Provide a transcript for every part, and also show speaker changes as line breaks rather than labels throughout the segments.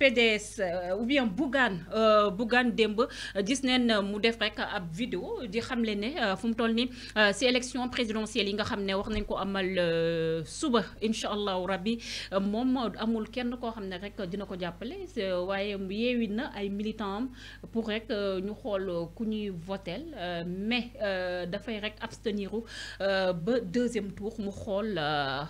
PDS euh, ou bien Bougane euh, Bougane dembo Disney euh, mu def rek ab vidéo di xamle ne fu toll ni ci élection présidentielle yi amal suba inshallah. amul kenn militants pour rek ñu mais abstenir ba deuxième tour mu la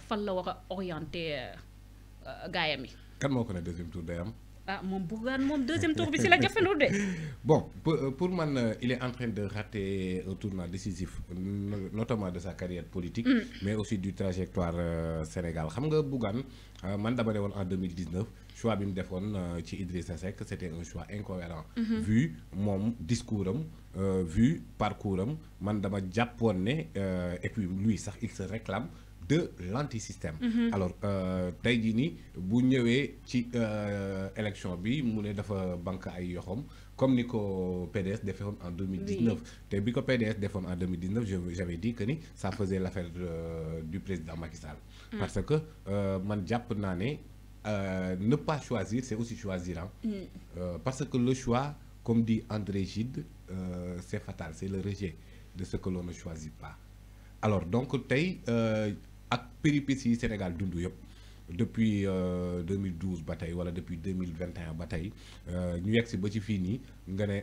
kan on ko le deuxième tour day am.
ah moom Bougan, moom deuxième tour bi la jafandu de.
bon pour euh, man euh, il est en train de rater un tournant décisif notamment de sa carrière politique. Mm. mais aussi du trajectoire euh, Sénégal xam nga Bougane man en 2019 choix bi mu defoon ci Idrissa Seck c'était un choix incohérent mm-hmm. vu mon discours vu parcours am man et puis lui il se réclame de l'antisystème. Mm-hmm. alors euh, vous bu ñëwee ci euh, élection bi mu ne dafa banque comme nico PDS défend en 2019 Quand bi ko PDS défend en 2019 j'avais dit que ni ça faisait l'affaire euh, du président Macky Sall. Mm. parce que euh, man jàpp ne pas choisir c'est aussi choisir hein. mm. parce que le choix comme dit André Gide c'est fatal c'est le rejet de ce que l'on ne choisit pas alors donc euh, ak péripéties Sénégal dund depuis 2012 bataille voilà depuis 2021 bataille. New ñu yegg ba ci fii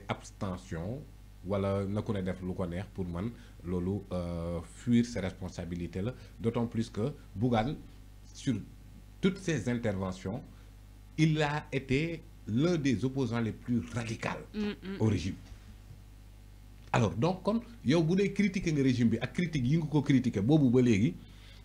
abstention wala nous ku ne def lu neex pour man loolu euh, fuir ses responsabilités là d'autant plus que Bougal sur toutes ses interventions il a été l'un des opposants les plus radicaux mm, mm. au régime alors donc kon yow bu critiquer le régime bi ak critique yi nga ko critiquer boobu ba léegi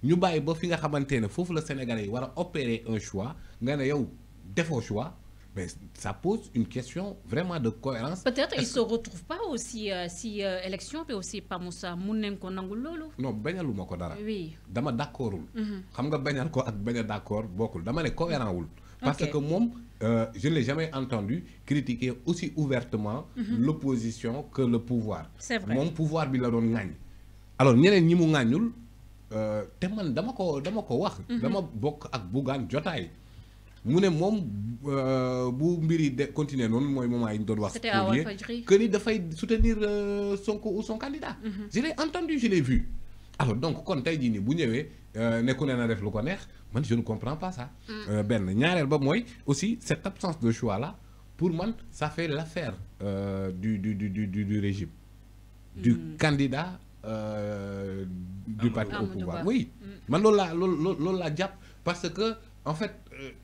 ñu bàyyi ba fi nga xamante ne foofu la Sénégalais wara opérer un choix nga né yow défo choix mais ça pose une question vraiment de cohérence.
peut-être ils se retrouvent pas aussi euh, si euh, élection puis aussi Pa Moussa mun ko nangul lolu
non bañalu mako dara. oui dama d'accordul. Mhm. xam nga bañal ko ak baña a d'accord bokul dama né cohérent wul. parce que euh, je ne l'ai jamais entendu critiquer aussi ouvertement mhm. l'opposition que le pouvoir. c'est vrai Mon pouvoir bi la doon ŋàññ. alors ñeneen ñi mu ŋàññul. Euh, te man dama ko dama ko wax. Mhm. dama bok ak Bougane jotay mu ne euh bu mbiri continuer non moy moment yi ñu doon wax. que ni fay soutenir euh, Sonko ou son candidat. Mhm. je l'ai entendu je l'ai vu. alors donc kon tu jii ni bu ñëwee euh, nekku ne na def lu ko neex man je ne comprends pas ça. Mm. ben ñaarel ba moy aussi cette absence de choix là pour man ça fait l'affaire du du du du du régime. du mm. candidat. Euh, ah, du parti au pouvoir oui mais c'est l'a que parce que en fait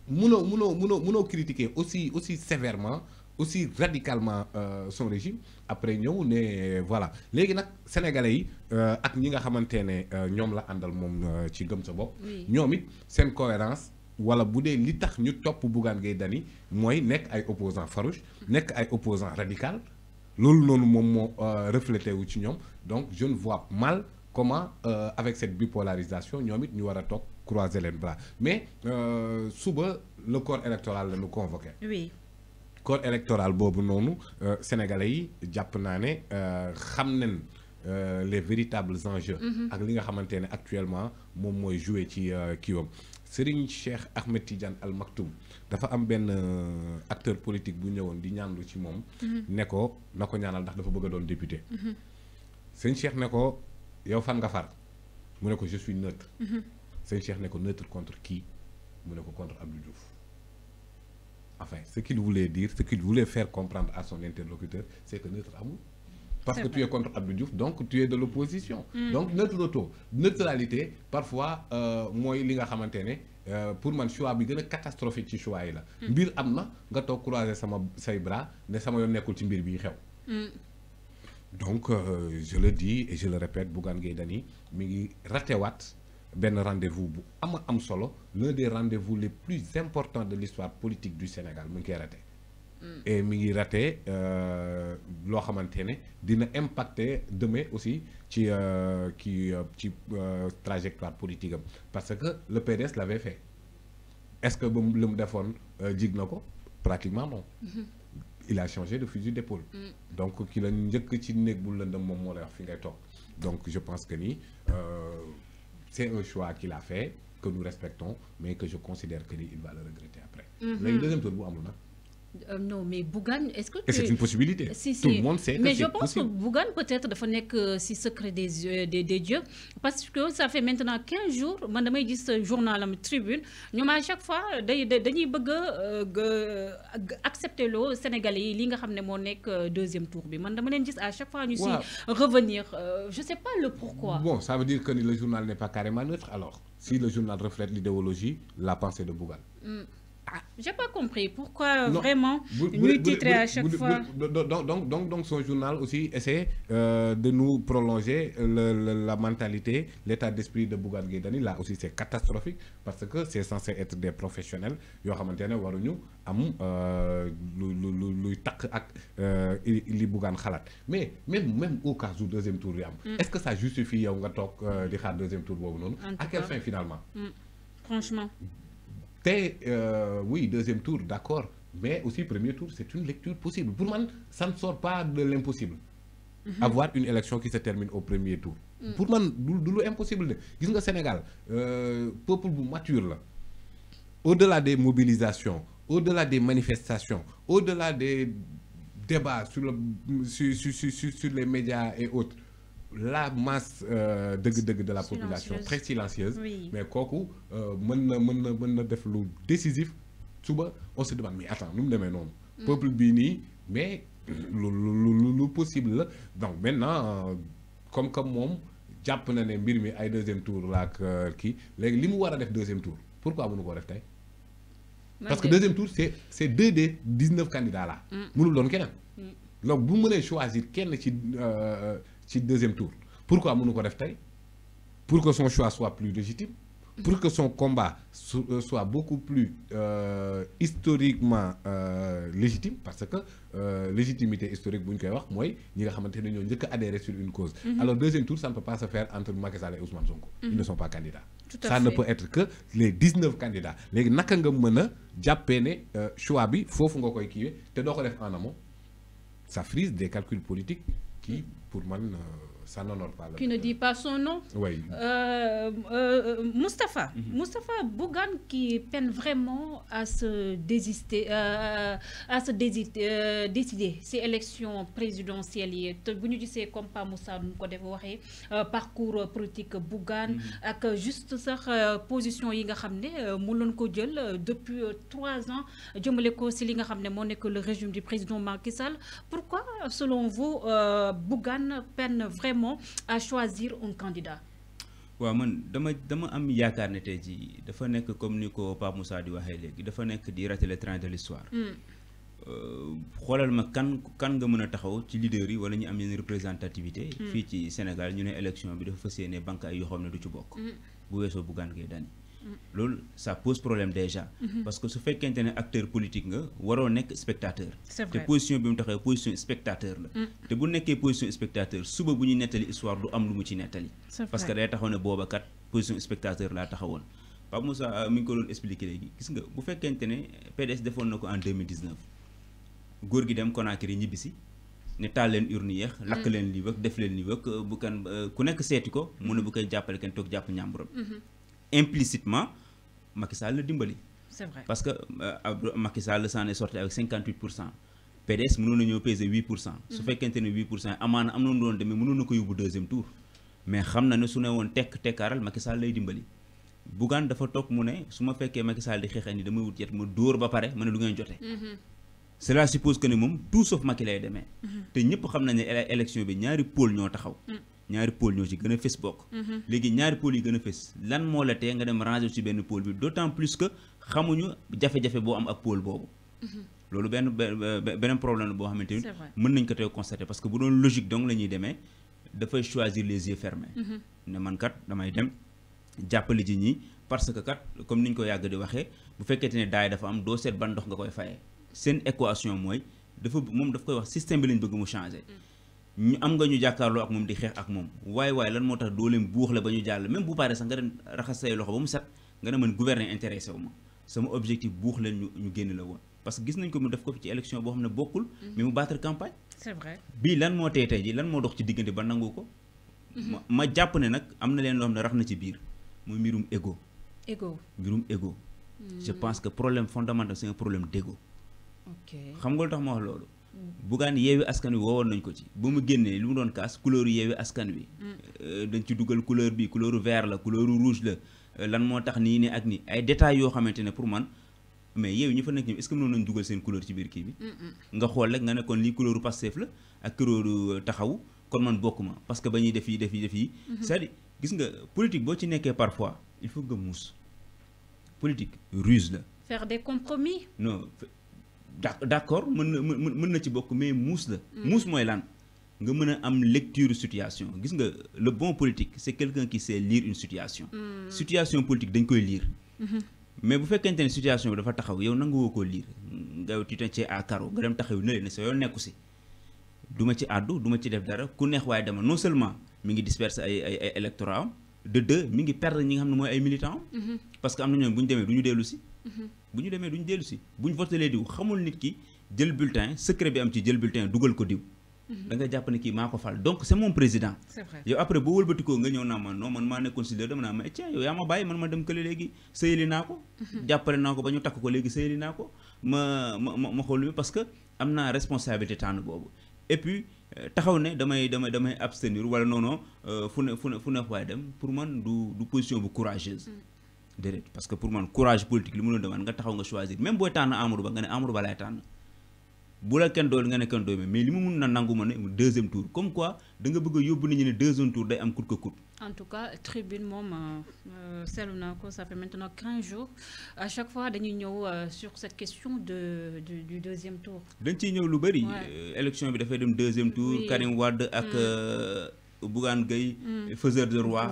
euh, critiquer aussi aussi sévèrement aussi radicalement euh, son régime après nous, voilà légui sénégalais yi ak ñi nga la ci gëm cohérence wala li tax ñu Bougane opposants farouche nek opposant radical nous nous nous reflété donc je ne vois mal comment euh, avec cette bipolarisation nous allons croiser les bras mais euh, le corps électoral nous convoqué. oui corps électoral nous, nous, euh, sénégalais Japonais, euh, les véritables enjeux. Mm-hmm. actuellement Serigne Cheikh Ahmed Tidiane Al Maktoum dafa am un euh, acteur politique bu ñëwoon di ñaanlu ci moom. Mm-hmm. ne ko nako ñaanal ndax dafa bëgg a doon député. Mm-hmm. sëñ Cheikh ne ko yow fan nga far mu ne ko je suis neutre. Mm-hmm. sëñ Cheikh ne ko neutre contre qui mu ne ko contre Abdou Diouf. enfin ce qu'il voulait dire ce qu'il voulait faire comprendre à son interlocuteur c'est que neutre amul parce que tu es contre Abdou Diouf donc tu es de l'opposition hmm. donc notre auto, neutralité parfois moi, euh, mooy li nga xamante Euh, pour man choix bi gën a catastrophique ci choix yi la hmm. mbir am à nga toog croiser sama say bras ne sama yoon nekkul ci mbir bi xew hmm. donc euh, je le dis et je le répète Bougane Gaydani, Dany mi ngi rendez-vous bu ama am l'un des rendez-vous les plus importants de l'histoire politique du Sénégal mu ngi raté et mi ngi raté euh lo xamantene dina impacter demain aussi ci qui euh, ci euh, euh, trajectoire politique parce que le PDS l'avait fait est-ce que le mu lu mu pratiquement non. Mm-hmm. il a changé de fusil d'épaule. Mm. donc qui la ñëk ci néeg bu lëndëm mom mo lay wax fi ngay tok donc je pense que ni c'est un choix qu'il a fait que nous respectons mais que je considère qu'il va le regretter après. Mm-hmm. Le deuxième tour bu amul nak
euh, non, mais Bougan, est-ce que... Tu... C'est une possibilité. Tout le monde sait Mais je pense que Bougan peut-être n'est que euh, si secret euh, des, des, dieux, parce que ça fait maintenant 15 jours, Madame, me dis ce journal en tribune, nous à chaque fois, nous Bougan accepter le Sénégalais, Linga nga xamné mo nek deuxième tour bi man dama à chaque fois nous wow. revenir je sais pas le pourquoi bon
ça veut dire que le journal n'est pas carrément neutre alors si le journal reflète l'idéologie la pensée de Bougan
mm. Ah, j'ai pas compris pourquoi euh, non, vraiment vous, à chaque fois.
donc, donc, donc, donc, son journal aussi essaie euh, de nous prolonger le, la mentalité, l'état d'esprit de Bougat guédani Là aussi, c'est catastrophique parce que c'est censé être des professionnels. Yo xamantene waruñu am euh lu tak ak euh li Bougan Mais même même au cas du deuxième tour mm. est-ce que ça justifie yow nga tok euh, di le deuxième tour bobu non? À quelle fin finalement?
Mm. Franchement. Mm.
Euh, oui deuxième tour d'accord mais aussi premier tour c'est une lecture possible pour moi, ça ne sort pas de l'impossible mhm. avoir une élection qui se termine au premier tour mm. pour moi, c'est impossible Sénégal euh, peuple mature au-delà des mobilisations au-delà des manifestations au-delà des débats sur le sur les médias et autres la masse euh, de la population très silencieuse mais quand on euh, na mën na def décisif on se demande mais attends nous mu non Le mm. peuple est ni mais lu lu possible donc maintenant euh, comme comme mom japp na né mbir mi ay deuxième tour la qui kii léegi li def deuxième tour pourquoi mënu ko def tour parce que deuxième tour c'est c'est deux des 19 candidats là mm. mënul don kenen mm. donc bu voulez choisir kenn ci c'est le deuxième tour pourquoi mënu ko def pour que son choix soit plus légitime pour que son combat euh, soit beaucoup plus euh, historiquement euh, légitime parce que euh, légitimité historique vous ñu koy wax adhérer sur une cause. Alors, mm-hmm. le alors deuxième tour ça ne peut pas se faire entre Macky et Ousmane Zongo. Mm-hmm. ils ne sont pas candidats. ça ne peut être que les 19 candidats Les gens nga ont a jàppee choix bi nga koy en amont ça frise des calculs politiques qui pour mal euh, qui ne
dit pas son nom. Oui. Euh, euh, euh mhm. Bougan qui peine vraiment à se désister, euh, à se euh, décider ces élections présidentielles Vous comme pas Moussa nous ko parcours politique Bougan mhm. avec juste sa position yi a ramené depuis trois ans le régime du président Macky Sall pourquoi selon vous Bougan peine vraiment vraiment à choisir un candidat
waaw man dama dama am yaakaar ne tey jii dafa nekk comme ni ko Pape Moussa di waxee léegi dafa nekk di rater le train de l'histoire hmm. euh, xoolal ma kan kan nga mën a taxaw ci leader yi wala ñu am yenn représentativité hmm. fii ci Sénégal ñu ne élection bi dafa fas yéene banque ay yoo xam ne du ci bokk hmm. bu weesoo Bougane Gueye Dany lol ça pose problème déjà. Mhm. parce que su fekkente ne acteur politique nga waro nek spectateur. te position bi mu position spectateur la. Mm. te bu nekkee position spectateur suba bu ñu netali histoire du am lu mu ci netali parce que day taxone boba kat position spectateur la taxawone Pape Moussa euh, mi ko doon expliquer légui gis nga bu fekkente PDS defoon nako en 2019 gor gui dem konakri ñibisi ne tal leen urne yeex mm. lak leen lii wëkk def leen lii wëkk euh, bu kan euh, ku nek setiko mu ne bu koy jàppale kenn toog jàpp ñàmburam implicitement Macky Sall la dimbali. c'est vrai parce que euh, Macky Sall s'en est sorti avec 58 PDS mënoon na peser 8 fait su mhm. fekkente 8 amana amna amaana am na mu doon demee deuxième tour. mais xamna na ne su ne woon tekk tekkaaral Macky Sall lay dimbali. Bougane dafa tok mu ne suma ma Macky Sall di xeexal ni damay wut yett ma dóor ba paré mané lu ngeen joté mhm. cela suppose que ne moom tout sauf Macky lay demee. Mhm. té ñepp xamna nañ élection bi ñaari pôle ñoo taxaw ñaari pôle ñoo ci gën a fës bokk mhm. léegi ñaari pôle yi gën a fës lan moo la tee nga dem ranger ci benn pôle bi d'autant plus que xamuñu jafe-jafe boo am ak pôle boobu mhm. loolu benn beneen problème boo xamante ni mën nañ ko tey constater parce que bu doon logique donc la ñuy demee dafay choisir les yeux fermés mhm. ne man kat damay dem jàppale ji ñi parce que kat comme niñ ko yàgg di waxee bu fekkente ne daay dafa am doo seet ban ndox nga koy fayee seen équation mooy dafa moom daf koy wax système bi lañ bëgg mu changer ñu am nga ñu jàkkaarloo ak moom di xeex ak moom waaye waaye lan moo tax dooleem buux la ba ñu jàll même bu paree sax nga dem raxas say loxo ba mu set nga ne man gouverner intéressé ma sama objectif buux leen ñu ñu génn la woon parce que gis nañ ko mu def ko ci élection boo xam ne bokkul mm-hmm. mu battre campagne bii lan moo tey ji lan moo dox ci diggante ba nangu ko
mm-hmm.
ma jàpp ne nag am na leen loo xam ne rax na ci biir muy mbirum ego égo mbirum égo
mm. je pense que
problème fondamental c'est un problème d'égo ok Bougane yeewi askan wi woowoon nañ ko ci bu mu génnee li doon kaas couleur yeewi askan wi. Mm. Euh, dañ ci dugal couleur bi couleur vert la couleur rouge la euh, lan moo tax nii nii ak ni ay détails yoo xamante ne pour man mais yeewi ñu fa nekk est-ce que mënoon nañ dugal seen couleur ci biir kii bi. nga xool rek nga ne kon lii couleur Pastef la ak couleur euh, taxawu kon man bokkuma parce que ba ñuy def yi def yi def yi. Mm-hmm. gis nga politique boo ci nekkee parfois il faut nga muus politique ruse la.
faire des compromis.
non d'accord mën na ci bokk mais muus la mm. muus mooy lan nga mën a am lecture situation gis nga le bon politique c'est quelqu'un qui sait lire une situation mm. situation politique dañ koy lire mm-hmm. mais bu fekkente ne situation bi dafa taxaw yow nangu woo koo lire nga tiitance à carreau nga dem taxaw ne ne sa yoon nekku si du ci addu du ci def dara ku neex waaye dama non seulement mi ngi disperser ay ay ay électorat de deux mi ngi perdre ñi nga xam ne mooy ay militants mm-hmm. parce que am na ñoom bu ñu demee du ñu dellu si bu ñu demee du ñu dellu si bu ñu votelee diw xamul nit ki jël bulletin secret bi am ci jël bulletin dugal ko diw. Mhm. da nga jàpp ne kii maa ko fal donc c' est mon président. c' vrai yow après boo wëlbatikoo nga ñëw naa ma non man maa nekkoon si dama naa ma eh, tiens yow yaa ma bàyyi man ma dem kële léegi sëyali naa ko. Mhm. jàppale naa ko ba ñu takk ko léegi sëyali naa ko ma ma ma xool parce que am naa responsabilité tànn boobu et puis euh, taxaw ne damay damay damay abstenir wala non non euh, fu ne fu ne fu ne dem pour man du du position bu courageuse. Mhm déedéet parce que pour mon courage politique li mu demande nga taxaw nga choisir même boy tan Amadou Ba nga ne Amadou Ba laay tànn bu la kenn nga ne ken doole mais li mu mun na nangu ne deuxième tour comme quoi da nga bëgg a yóbbu nit ñi deuxième tour day am coûte que coûte.
en tout cas tribune mom euh, seetlu ko ça fait maintenant 15 jours à chaque fois dañuy ñëw euh, sur cette question de du du deuxième tour.
dañ ci ñëw lu bari euh, élection bi fay dem deuxième tour. Karim Wade ak. Mm. Bougane gay hmm. faiseur de roi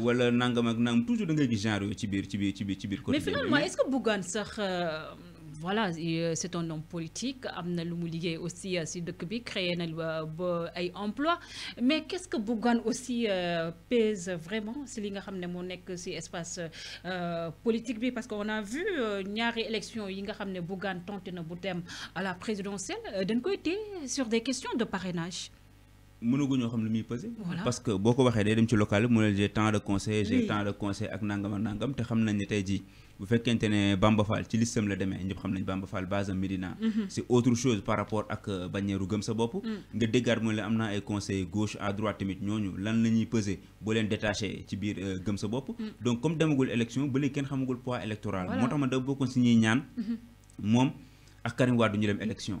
wala nangam ak nangam toujours da ngay gis genre ci biir ci biir ci biir ci mais finalement est-ce que
Bougane sax euh, voilà euh, c'est un homme politique amna lu aussi à euh, deuk bi créé na ay emploi mais qu'est-ce que Bougane aussi pèse vraiment c'est li nga xamné que nek ci espace politique bi parce qu'on a vu ñaari élection yi nga xamné ne Bougane tenté na bu dem à la présidentielle d'un koy sur des questions de parrainage
mënaguñoo xam lu muy pesé. parce que boo ko waxee day dem ci local mu ne tant de conseil j'ai tant de conseil ak nangam ak nangam te xam nañ ne tey jii bu fekkente ne Bamba Fall ci listam la demee ñëpp xam nañ Bamba Fall base am Médina mhm. c'est autre chose par rapport ak que euh, gëm sa bopp mm. nga déggaat mu ne la ay conseil gauche à droite tamit ñooñu lan la ñuy pesé détacher leen détaché ci biir euh, gëm sa mm. donc comme mon élection ba léegi kenn xamagul poids électoral moo tax ma da bokkoon si ñuy ñaan mhm. moom ak Karim Wade du ñu dem élection